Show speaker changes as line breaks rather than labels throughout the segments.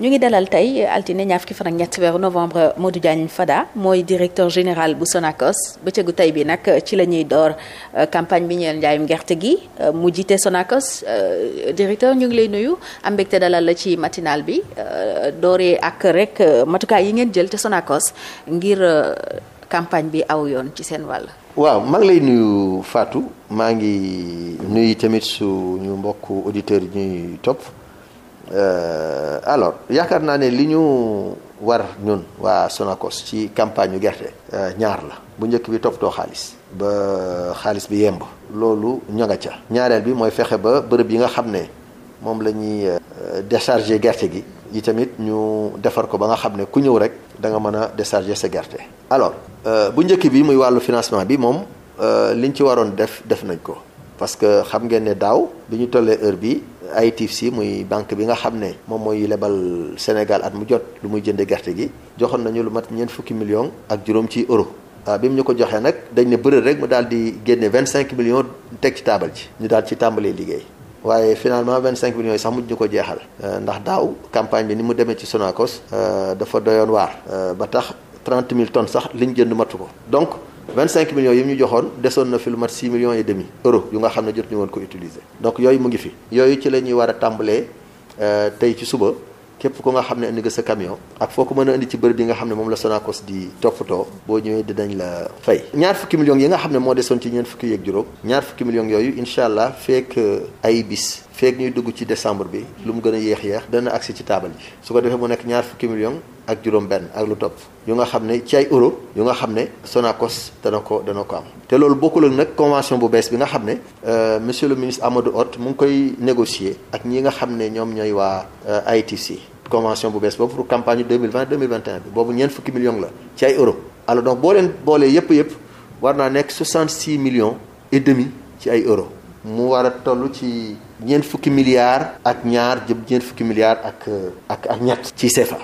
ñu ngi dalal tey altine ñaar fukki fan ak ñett weeru novembre Modou Diagne Fada mooy directeur général bu Sonacos bëccëgu tey bi nag ci la ñuy door euh, campagne bi ñeel njaayum gerte gi euh, mu jiite Sonacos euh, directeur ñu ngi lay nuyu am mbégte dalal la ci matinal bi dooree ak rek matukaay yi ngeen jël te Sonacos ngir campagne bi aw yoon ci seen wàll.
waaw maa ngi lay nuyu Fatou maa ngi nuy tamit suñu mbokk auditeurs yi ñuy topp. Euh, alors yaakaar naa ne li ñu war ñun waa Sonacos ci campagne ñu gerte euh, ñaar la bu njëkk bi toppatoo xaalis ba xaalis bi yemb loolu ña nga ca ñaareel bi mooy fexe ba bërëb yi nga xam ne moom la ñuy euh, décharger gerte gi yi tamit ñu defar ko ba nga xam ne ku ñëw rek da nga mën a décharger sa gerte alors bu njëkk bi muy wàllu financement bi moom liñ ci waroon def def nañ ko parce que xam ngeen ne daaw bi ñu tollee heure bi ITFC muy banque bi nga xam ne moom mooy lebal Sénégal at mu jot lu muy jënde gerte gi joxoon nañu lu mat ñeent fukki million ak juróom ci euro waaw ah, bi mu ñu ko joxee nag dañ ne bërëb rek mu daal di génne vingt cinq millions teg ci taabal ji ñu daal ci tàmbalee liggéey waaye finalement vingt cinq millions yi sax mujj ñu ko jeexal ah, ndax daaw campagne bi ni mu demee ci Sonacos ah, dafa doyoon waar ba tax trente mille tonnes sax liñ jënd matu ko donc 25 millions yi ñu joxoon desoon na fi lu mat 6 millions et demi euros yu nga xam ne jot ñu woon ko utiliser donc yooyu mu ngi fi yooyu ci la ñuy war a tàmbalee euh, tey ci suba képp ko nga xam ne indi nga sa camion ak foo ko mën a indi ci bërëb yi nga xam ne moom la Sonacos di toppatoo boo ñëwee dinañ la fey ñaar fukki millions yi nga xam ne moo desoon ci ñeent fukki yeeg juróom ñaar fukki millions yooyu incha allah fekk ay bis feek ñuy dugg ci décembre bi lu mu gën a yéex yéex dana agsi ci taabal ji su ko defee mu nekk ñaar fukki million ak juróom benn ak lu topp yu nga xam ne ci ay euro yu nga xam ne Sonacos dana ko dana ko am te loolu bokkul ak nag convention bu bees bi nga xam ne euh, monsieur le ministre Amadou ot mu ngi koy négocier ak ñi nga xam ne ñoom ñooy waa euh, ITC convention bu bees boobu pour campagne 2020 2021 bi boobu ñeent fukki million la ci ay euro alors donc boo leen boolee yëpp yëpp war naa nekk 66 millions et ci ay euro mu war a toll ci ñeent fukki milliards ak ñaar jëm ñeent fukki milliards ak ak ak ñett ci CFA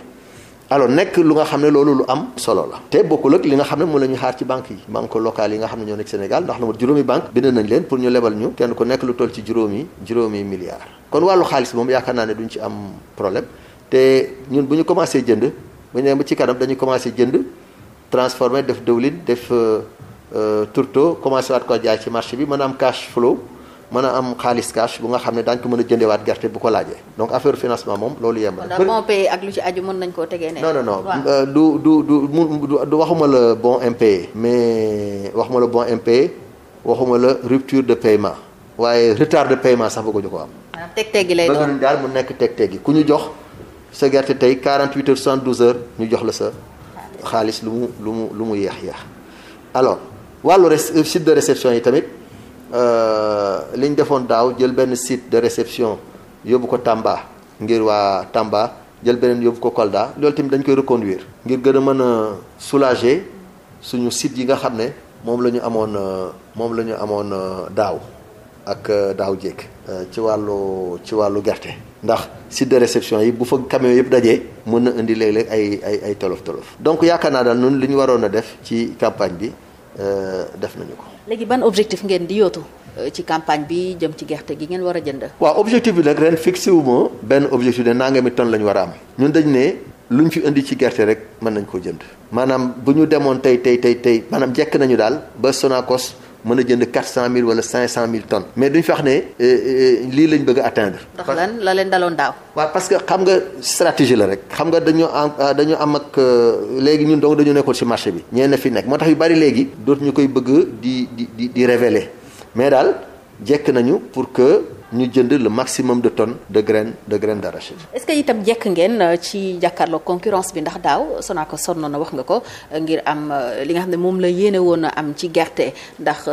alors nekk lu nga xam ne loolu lu am solo la te bokkul ak li nga xam ne moom la xaar ci banque yi banque locale yi nga xam ne ñoo nekk Sénégal ndax lu ma juróomi banque bind nañ leen pour ñu lebal ñu kenn ko nekk lu toll ci juróomi juróomi milliards kon wàllu xaalis moom yaakaar naa ne duñ ci am problème te ñun bu ñu commencé jënd bu ñu ba ci kanam dañu commencé jënd transformé def dëwlin def euh, euh, tourteau commencé waat ko jaay ci marché bi mën a am mën a am xaalis cash bu nga xam ne daañu ko mën a jëndewaat gerte bu ko laajee donc affaire financement moom loolu yem rek. bon
payé ak lu ci aju mën nañu koo tegee ne. non non non
euh, du du du du waxuma la bon impayé. mais waxuma la bon impayé waxuma la rupture de paiement waaye retard de paiement sax bëgguñu ko am.
waaw teg teg gi lay doon
daal mu nekk teg teg gi ku ñu jox sa gerte tey 48 cent 72 heures ñu jox la sa. xaalis lu mu lu mu lu mu yéex yéex alors wàllu euh, site de réception yi tamit. Euh, li ñu defoon daaw jël benn site de réception yóbbu ko Tamba ngir waa Tamba jël beneen yóbbu ko Kolda loolu tamit dañ koy reconduire. ngir gën a mën a soulager suñu site yi nga xam ne moom la ñu amoon euh, moom la ñu amoon euh, daaw ak daaw jékk ci wàllu ci wàllu gerte. ndax site de réception yi bu fa camion yëpp dajee mën na indi léeg-léeg ay ay ay tolof tolof. donc yaakaar naa daal noonu li ñu waroon a def ci campagne bi. Euh, def nañu ko.
léegi ban objectif ngeen di yootu euh, ci campagne bi jëm ci gerte gi ngeen war a jënd.
waa objectif bi nag ren fixé wu ma benn objectif de nangami tonne la ñu war a am ñun dañ ne lu ñu fi indi ci gerte rek mën nañ koo jënd maanaam bu ñu demoon tey tey tey tey maanaam jekk nañu daal ba Sonacos. mën a jënd quatre cent mille wala cinq cent mille tonnes mais duñ fax ne euh, euh, lii lañ bëgg a atteindre. ndax lan la leen daloon daaw. waa parce que xam nga stratégie la rek xam nga dañu am euh, dañu am ak léegi ñu donc dañu nekkoon ci marché bi. ñee na fi nekk moo tax yu bari léegi ñu koy bëgg di di di di révéler mais daal jekk nañu pour que. ñu jënd lu maximum de tonnes de graines de graines d'arachide.
est-ce que itam jekk ngeen euh, ci jàkkaarloo concurrence bi ndax daaw Sonaco sonn na wax nga ko euh, ngir am euh, li nga xam ne moom la yéene woon am ci gerte ndax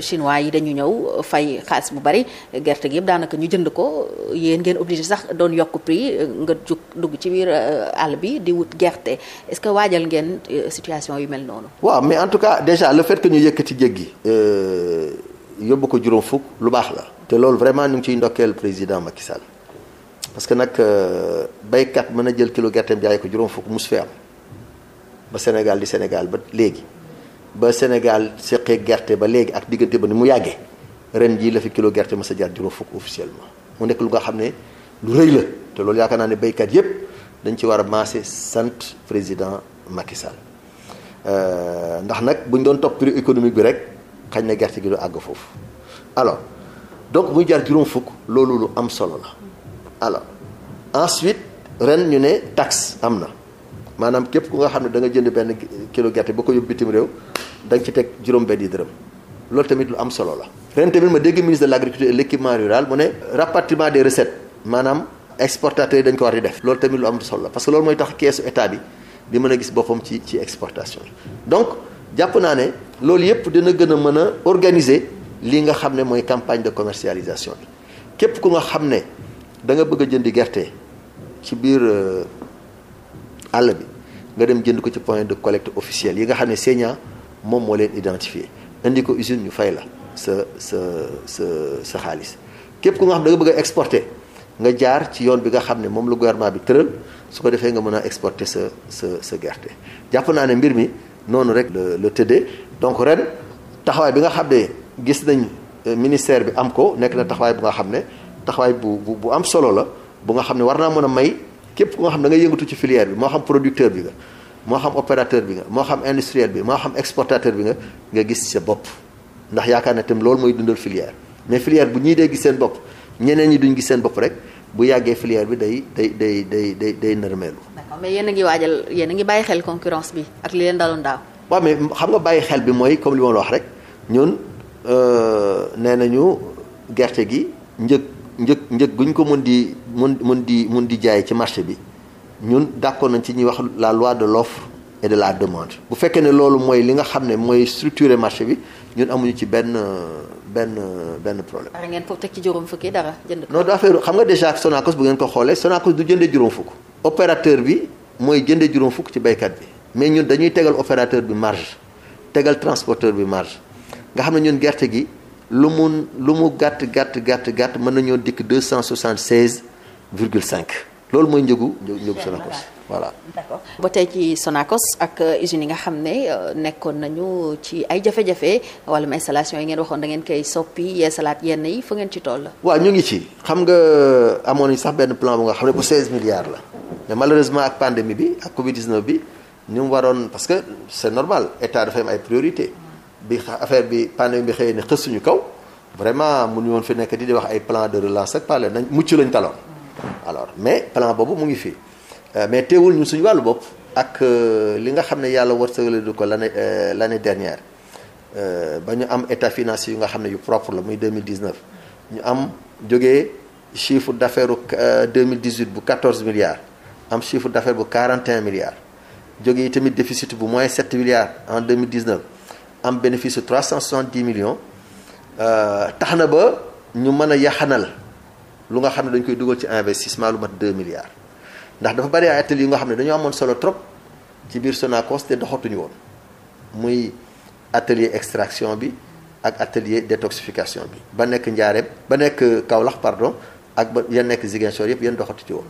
chinois yi dañu ñëw fay xaalis bu bari gerte gi yëpp daanaka ñu jënd ko yéen ngeen obligé sax doon yokk prix nga jug dugg ci biir àll bi di wut gerte est-ce que waajal ngeen situation yu mel noonu. waaw
mais en tout cas déjà le fait que ñu yëkkati jéggi. yóbbu ko juróom lu baax la. te loolu vraiment ñu ngi ciy ndokkeel président Macky parce que nag euh, baykat mën a jël kilo gerteem jaay ko juróom fukk mus fi am ba Sénégal di Sénégal ba léegi ba Sénégal seqee gerte ba léegi ak diggante ba ni mu yàggee ren jii la fi kilo gerte mës a jaar juróom fukk officiellement mu nekk lu nga xam ne lu rëy la te loolu yaakaar naa ne béykat yépp dañ ci war a maase sant président Macky Sall euh, ndax nag buñ doon topp prix économique bi rek xañ na gerte gi àgg foofu alors. donc muy jar juróom fukk loolu lu am solo la alors ensuite ren ñu ne taxe am na maanaam képp ku nga xam ne da nga jënd benn kilo gerte ba ko yóbbu bitim réew da ci teg juróom benni dërëm loolu tamit lu am solo la ren tamit ma dégg ministre de l'agriculture et l'équipement rural mu ne rapatriement des recettes maanaam exportateurs yi dañ ko war di def loolu tamit lu am solo la parce que loolu mooy tax keesu état bi di mën a gis boppam ci ci exportation donc jàpp naa ne loolu yëpp dina gën a mën a organiser lii nga xam ne mooy campagne de commercialisation bi képp ku nga xam ne da nga bëgg a jëndi gerte ci biir euh, àll bi nga dem jënd ko ci point de collecte officiel yi nga xam ne seignant moom moo leen identifie indi ko usine ñu fay la sa sa sa sa xaalis képp ku nga xam ne da bëgg a exporter nga jaar ci yoon bi nga xam ne moom lu gouvernement bi tëral su ko defee nga mën a exporter sa sa sa gerte jàpp naa ne mbir mi noonu rek la la tëddee donc ren taxawaay bi nga xam gis nañ euh, ministère bi am ko nekk na taxawaay bu nga xam ne taxawaay bu bu bu am solo la bu nga xam ne war naa mën a may képp ku nga xam ne da ngay ci filière bi moo xam producteur bi nga moo xam opérateur bi moo xam industriel bi moo xam exportateur bi nga nga gis sa bopp ndax yaakaar na tam loolu mooy dundal filière mais filière bu ñii dee gis seen bopp ñeneen ñi duñ gis seen bopp rek bu yàggee filière bi day day day day day day nërmeelu.
d'accord mais yéen a ngi yéen a ngi bàyyi xel concurrence bi ak li leen daloon daaw.
waaw mais xam nga bàyyi xel bi mooy comme li ma wax rek ñun nee nañu gerte gi njëg njëg gu ñu ko mën di mun mën di mun di jaay ci marché bi ñun d'accord nañ ci ñuy wax la loi de l'offre et de la demande bu fekkee ne loolu mooy li nga xam ne mooy structurer marché bi ñun amuñu ci benn benn benn problème.
pare ngeen foofu teg ci juróom fukki dara jënd non
affaire xam nga déjà Sonacos bu ngeen ko xoolee Sonacos du jëndee juróom fukk. opérateur bi mooy jëndee juróom fukk ci baykat bi mais ñun dañuy tegal opérateur bi marge tegal transporteur bi marge. nga xam ne ñun gerte gi lu mu lu mu gàtt gàtt gàtt gàtt mën nañoo dikk deux cent soixante seize virgule cinq loolu mooy njugu njëgu Sonacos voilà
d'accord ba tey ci Sonacos ak euh, usines yi nga xam ne euh, nekkoon nañu ci ay jafe-jafe wala installation yi ngeen waxoon da ngeen koy soppi yeesalaat yenn yi fu ngeen ci toll
waa ñu ngi ci xam nga euh, amoon nañu sax benn plan bu nga xam ne bu 16 milliards la mais malheureusement ak pandémie bi ak Covid 19 bi ñu mu waroon parce que c'est normal état dafa am ay bi affaire bi pandémie bi xëyee na xës suñu kaw mu nu woon fi nekk di di wax ay plan de relance ak parler nañ mucc lañ taloon alors mais plan boobu mu ngi fii euh, mais teewul ñun suñu wàllu bopp ak euh, li nga xam ne yàlla war wërsëgale du ko lane euh, l'année dernière ba ñu am état financier yu nga xam ne yu propre la muy 2019 ñu am jógee chiffre d'affaires bu 2018 bu 14 milliards am chiffre d'affaires bu 41 milliards jógee tamit déficit bu moins 7 milliards en 2019 am bénéfice de 370 millions euh, tax na ba ñu mën a yaxanal lu nga xam ne dañ koy dugal ci investissement lu mat deux milliards ndax dafa bari ay ateliers yu nga xam ne dañoo amoon solo trop ci biir sonakos te doxatuñu woon muy atelier extraction bi ak atelier détoxification bi ba nekk Njaareem ba nekk Kaolack pardon ak ba ya nekk Ziguinchor yëpp yan doxatu ci woon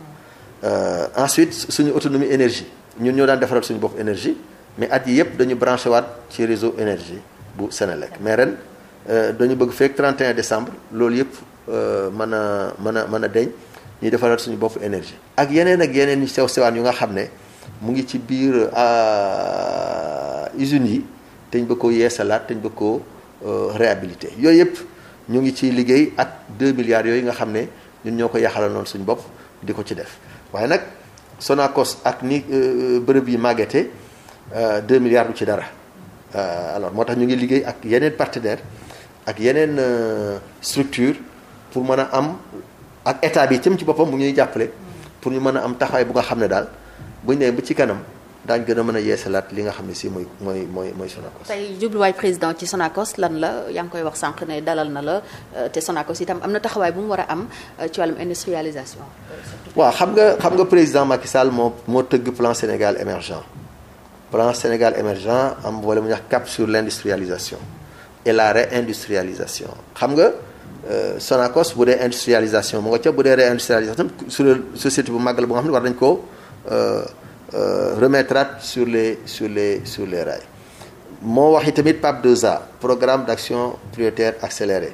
euh, ensuite suñu autonomie énergie ñun ñoo daan defaral suñu bopp énergie mais at yi yëpp dañu branché waat ci réseau énergie bu Sénélec mais ren euh, dañu bëgg fekk 31 décembre loolu yëpp euh, mën a mën a mën a deñ ñuy defaraat suñu bopp énergie. ak yeneen ak yeneen yu sew sewaan yu nga xam ne mu ngi ci biir euh, usines yi te ñu bëgg koo yeesalaat te ñu bëgg koo réhabilité yooyu yëpp ñu ngi ci liggéey ak 2 milliards yooyu nga xam ne ñun ñoo ko yaxalaloon suñu bopp di ko ci def waaye nag Sonacos ak ni bërëb yi màggete. 2 euh, milliards bu ci dara euh, alors moo tax ñu ngi liggéey ak yeneen partenaires ak yeneen euh, structure pour mën a am ak état bi tam ci boppam bu ñuy jàppale pour ñu mën a am taxawaay bu nga xam ne daal bu ñu nee ba ci kanam daañ gën a mën a yeesalaat li nga xam ne si mooy mooy mooy mooy Sonacos.
tey jubluwaay président ci Sonacos lan la yaa ngi koy wax sànq ne dalal na la te Sonacos tam am na taxawaay bu mu war a am ci wàllum industrialisation.
waaw xam nga xam nga président Macky Sall moo moo tëgg plan Sénégal émergent plan Sénégal émergent am wala mu ñuy wax cap sur l'industrialisation et la réindustrialisation xam nga euh, Sonacos bu dee industrialisation mu nga ca bu dee réindustrialisation sur société bu màgg la bu nga ne war nañ ko euh, euh, remettre sur les sur les sur les rails moo wax i tamit PAP 2A programme d'action prioritaire accéléré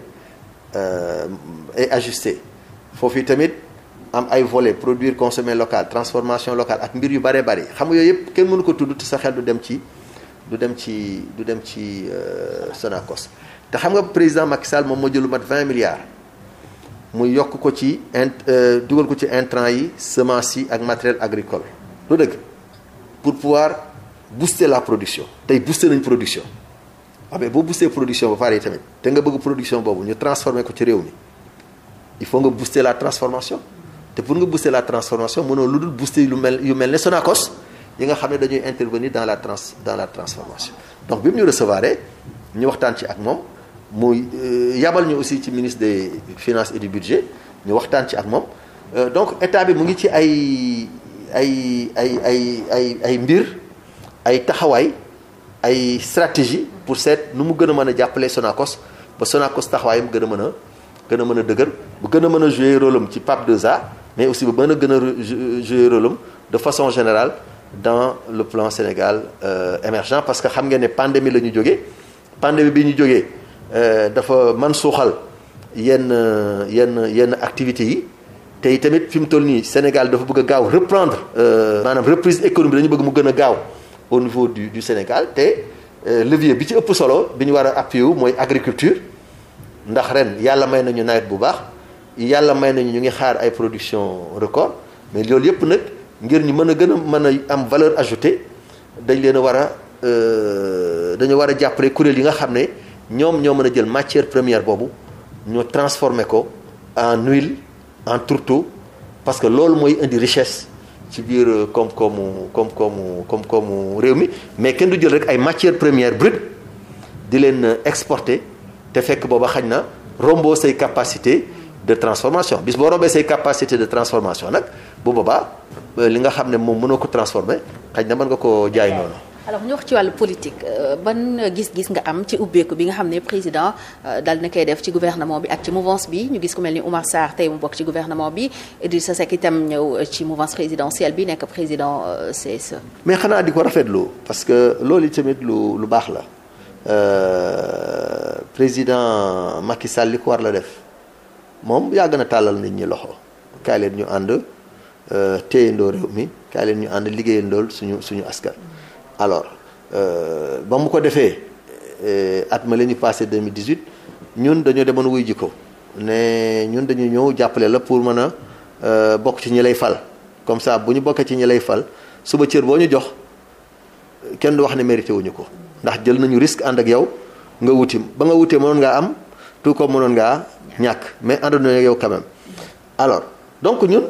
et ajusté foofu tamit am ay volets produire consommer local transformation locale ak mbir yu bare bare xam nga yooyu yëpp kenn mënu ko tudd te sa xel du dem ci du dem ci du dem ci euh, Sonacos te xam nga président Macky Sall moom moo jël lu mat 20 milliards mu yokk ko ci int euh, dugal ko ci intrants yi semences yi ak matériel agricole lu dëgg pour pouvoir booster la production tey booster nañ production waaw ah mais boo booster production ba pare yi tamit te nga bëgg production boobu ñu transformer ko ci réew mi il faut nga booster la transformation te pour nga booster la transformation mënoo lu dul booster lu mel yu mel ne Sonacos yi nga xam ne dañuy intervenir dans la trans dans la transformation donc bi mu ñu recevoir ñu waxtaan ci ak moom mu euh, yabal ñu aussi ci ministre des finances et ñu waxtaan ci ak moom euh, donc état bi mu ngi ci ay ay ay ay ay ay mbir ay taxawaay ay stratégie pour seet nu mu gën a mën a jàppale Sonacos ba taxawaay taxawaayam gën a mën a gën a mën a dëgër bu gën a mën a jouer rôle am ci PAP 2A mais aussi ba mën a gën a euh, jouer rôle de façon général dans le plan Sénégal euh, émergent parce que xam ngeen ne pandémie la ñu jógee pandémie bi ñu jógee euh, dafa man suuxal yenn euh, yenn yenn activités yi te itamit fi mu toll nii Sénégal dafa bëgg a gaaw reprendre maanaam reprise économique dañu bëgg mu gën a gaaw au niveau du du Sénégal te levier bi ci ëpp solo bi ñu war a appui mooy agriculture ndax ren yàlla may nañu nawet bu baax yàlla may nañu ñu ngi xaar ay production record mais loolu yëpp nag ngir ñu mën a gën a mën a am valeur ajoutée dañ leen a war a euh, dañu war a jàppale kuréel yi nga xam ne ñoom ñoo mën a jël matière première boobu ñu transformer ko en huile en tourteau parce que loolu mooy indi richesse ci biir koom-koomu koom-koomu koom-koomu réew mi mais kenn du jël rek ay matière première brute di leen exporter te fekk booba xañ na rombo say capacité de transformation bis boo rombee say capacité de transformation nag bu boobaa euh, li nga xam ne moom mënoo ko transformer xaj na mën nga koo jaay noonu.
alors ñu wax ci wàllu politique euh, ban gis-gis nga am ci ubbeeku bi nga xam ne président euh, dal na koy def ci gouvernement bi ak ci mouvance bi ñu gis ku mel ni Oumar Sarr tey mu bokk ci gouvernement bi Idrissa Seck itam ñëw ci mouvance présidentielle bi nekk président CSE.
mais xanaa di ko rafetlu parce que loolu tamit lu lu baax la président Macky Sall ko war def. moom yàgg na tàllal nit ñi loxo kaay leen ñu ànd euh, téyandoo réew mi kaay leen ñu ànd liggéeyandool suñu suñu askan. alors euh, ba mu ko defee euh, at ma la ñu passé 2018 ñun dañoo demoon wuy ji ko ne ñun dañu ñëw jàppale la pour mën a bokk ci ñi lay fal comme ça bu ñu bokkee ci ñi lay fal suba cër boo ñu jox kenn wax ne mérité wuñu ko ndax jël nañu risque ànd ak yow nga wuti ba nga wutee mënoon ngaa am tout comme mënoon ngaa. ñàkk mais àndoon yow quand même alors donc ñun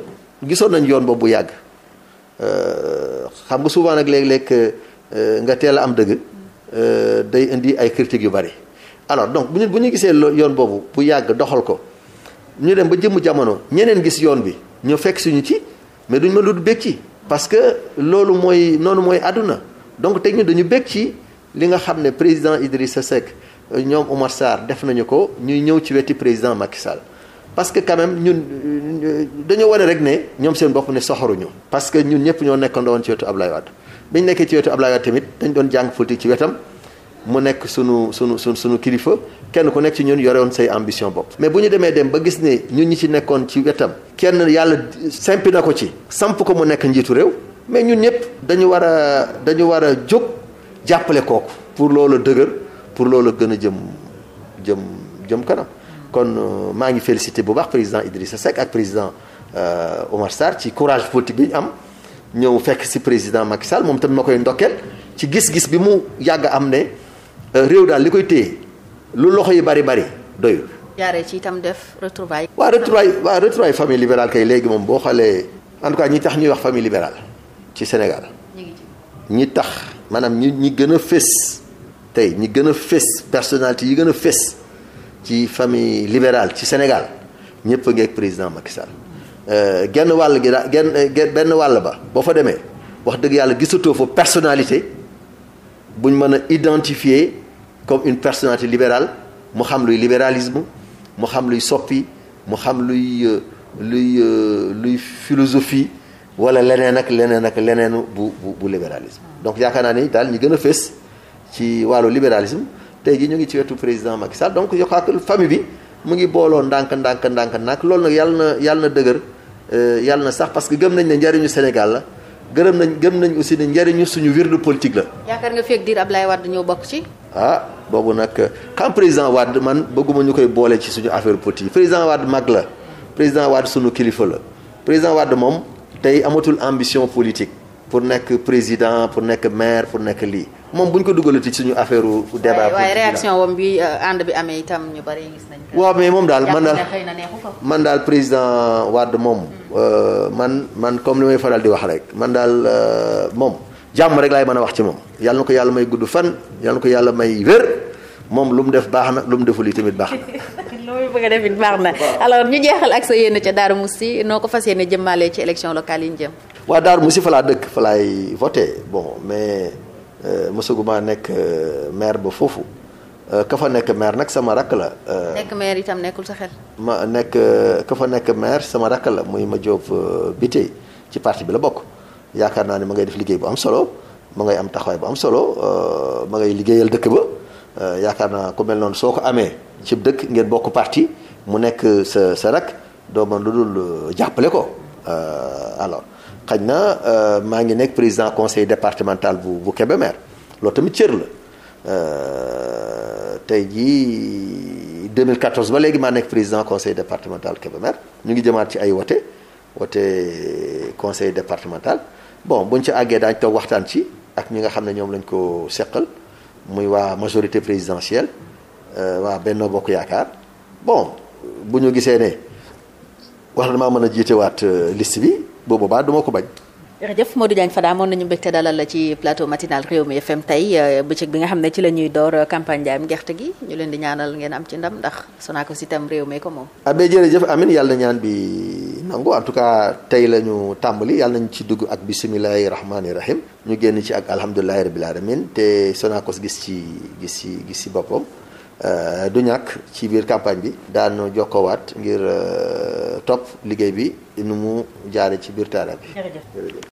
gisoon nañ yoon boobu bu yàgg euh, xam nga souvent nag léeg-léeg euh, nga teel a am dëgg euh, day indi ay critiques yu bari alors donc bu ñu bu ñu gisee yoon boobu bu yàgg doxal ko ñu dem ba jëmm jamono ñeneen gis yoon bi ñu fekk suñu ci mais duñ mën lu bég ci parce que loolu mooy noonu mooy àdduna donc tey ñun dañu bég ci li nga xam ne président Idrissa Seck ñoom Omar Sarr def nañu ko ñuy ñëw ci weti président Macky Sall parce que quand même ñun dañoo wane rek ne ñoom seen bopp ne soxoruñu parce que ñun ñëpp ñoo nekkandoon ci wetu Ablaye Wade biñ nekkee ci wetu Ablaye Wade tamit dañ doon jàng politique ci wetam mu nekk sunu sunu sunu sunu kilifa kenn ku nekk ci ñun yorewoon say ambition bopp. mais bu ñu demee ba gis ne ñun ñi ci nekkoon ci wetam. kenn yàlla simpi ko ci. samp ko mu nekk njiitu réew mais ñun ñëpp dañu war a dañu war a jóg jàppale kooku pour loolu dëgër. pour loolu gën a jëm jëm jëm kanam. kon euh, maa ngi félicité bu baax président Idrissa Seck ak président euh, Omar Sarr ci courage politique bi ñu am ñëw fekk si président Macky Sall moom tam ma koy ndokkeel ci gis-gis bi mu yàgg am ne euh, réew daal li koy téye lu loxo yi bari bari doyul.
jaaree ci itam def retrouvaille. waaw retrouvaille
waaw retrouvaille famille libérale kay léegi moom boo xoolee en tout cas ñi tax ñuy wax famille libérale ci Sénégal. ñi tax maanaam ñi ñi gën a fés. tey ñi gën a fés personnalité yi gën a fés ci famille libérale ci Sénégal ñëpp a ngi ak président Macky euh, genn wàll gi daa genn euh, benn wàll ba boo fa demee wax dëgg yàlla gisatoo fa personnalité buñ mën a identifier comme une personnalité libérale mu xam luy libéralisme mu xam luy soppi mu xam luy euh, luy luy philosophie wala leneen ak leneen ak leneenu bu bu bu libéralisme donc yaakaar naa ni daal ñi gën a fés. ci wàllu libéralisme tey jii ñu ngi ci wetu président Macky Sall donc yokkaak famille bi mu ngi booloo ndànk ndànk ndànk ndànk loolu nag yàlla na yàlla na dëgër euh, yàlla na sax parce que gëm nañ ne njariñu Sénégal la gërëm nañ gëm nañ aussi ne njariñu suñu wirdu politique la.
yaakaar nga fekk diir Ablaye Wade ñëw bokk ci.
ah boobu nag quand président Wade man bëgguma ñu koy boolee ci suñu affaire politique président Wade mag la président Wade suñu kilifa la président wadd moom tey amatul ambition politique. pour nekk président pour nekk maire pour nekk lii moom bu ñu ko dugalati ci suñu affaire débat. waaye réaction
wam bi euh, ànd bi amee itam ñu bari gis nañ
ko. waaw mais moom daal man daal man daal président wadd moom. Mm. Euh, man man comme li may faral di wax rek man daal euh, moom jàmm rek laay mën a wax ci moom yàlla na ko yàlla may gudd fan yàlla na ko yàlla may wér moom lu mu def baax na lu mu deful yi tamit baax na.
noo bëgg a def it baax na alors ñu jeexal ak sa yéene ca Darou Moussi noo ko fas yéene jëmmaale ci élection locale yi ñu waa
waaw Darou Moussi fa laa dëkk fa laay voté bon mais euh, mosaguma nekk euh, maire ba foofu euh, ka fa nekk maire nag sama rakk la. nekk
maire itam nekkul sa xel.
ma nekk ka fa nekk maire sama rakk la muy ma Diop Bité ci parti bi la bokk yaakaar naa ne ma ngay def liggéey bu am solo ma ngay am taxawaay bu am solo ma ngay liggéeyal dëkk ba. Euh, yaakaar naa ku mel noonu soo ko amee ci dëkk ngeen bokk parti mu nekk sa sa rak doo mën lu dul euh, jàppale ko euh, alors xaj na maa ngi nekk président conseil départemental bu bu Kébémer loolu tamit cër la tey jii 2014 ba léegi maa nekk président conseil départemental Kébémer ñu ngi jëmaat ci ay wote wote conseil départemental bon buñ ci àggee daañ toog waxtaan ci ak ñi nga xam ne ñoom lañ ko seqal muy waa majorité présidentielle euh, waa benn Bokk Yaakaar bon bu ñu gisee ne wax na maa mën a jiitewaat euh, list bi boobu baa duma ko bañ.
jërëjëf Modou Diagne Fada moom nañu mbégte dalal la ci plateau matinal Rewmi FM tey euh, bëccëg bi nga xam ne ci la ñuy door euh, campagne njaayam gerte gi ñu leen di ñaanal ngeen am ci ndam ndax Sonacos itam réew mi ko moom
abe ah, jërëjëf amin yàlla ñaan bi nangu en tout cas tey la ñu tàmbali yàlla nañ ci dugg ak bisimilahi rahmaani rahim ñu génn ci ak alhamdulilahi rabil alamin te Sonacos gis ci gis ci gis ci boppam euh, du ñàkk ci biir campagne bi daanu jokkowaat ngir topp liggéey bi nu mu jaare ci biir taara